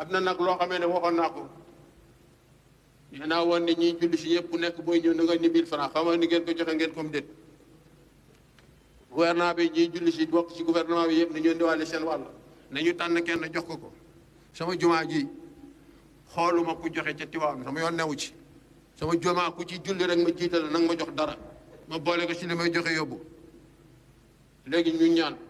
am na nag loo xamee ne waxoon naa ko nee naa woon ne ñiy julli si yëpp bu nekk booy ñëw na nga ni mille francs xam nga ni ngeen ko joxe ngeen comme déet gouvernement bi ñiy julli ci bokk ci gouvernement bi yëpp nañu ndiwaale seen wàll nañu tànn kenn jox ko ko sama jumaa ji xooluma ku joxe ca Tiwaawan sama yoon ci sama jumaa ku ci julli rek ma jiital nag ma jox dara ma boole ko si li may joxe yóbbu léegi ñu ñaan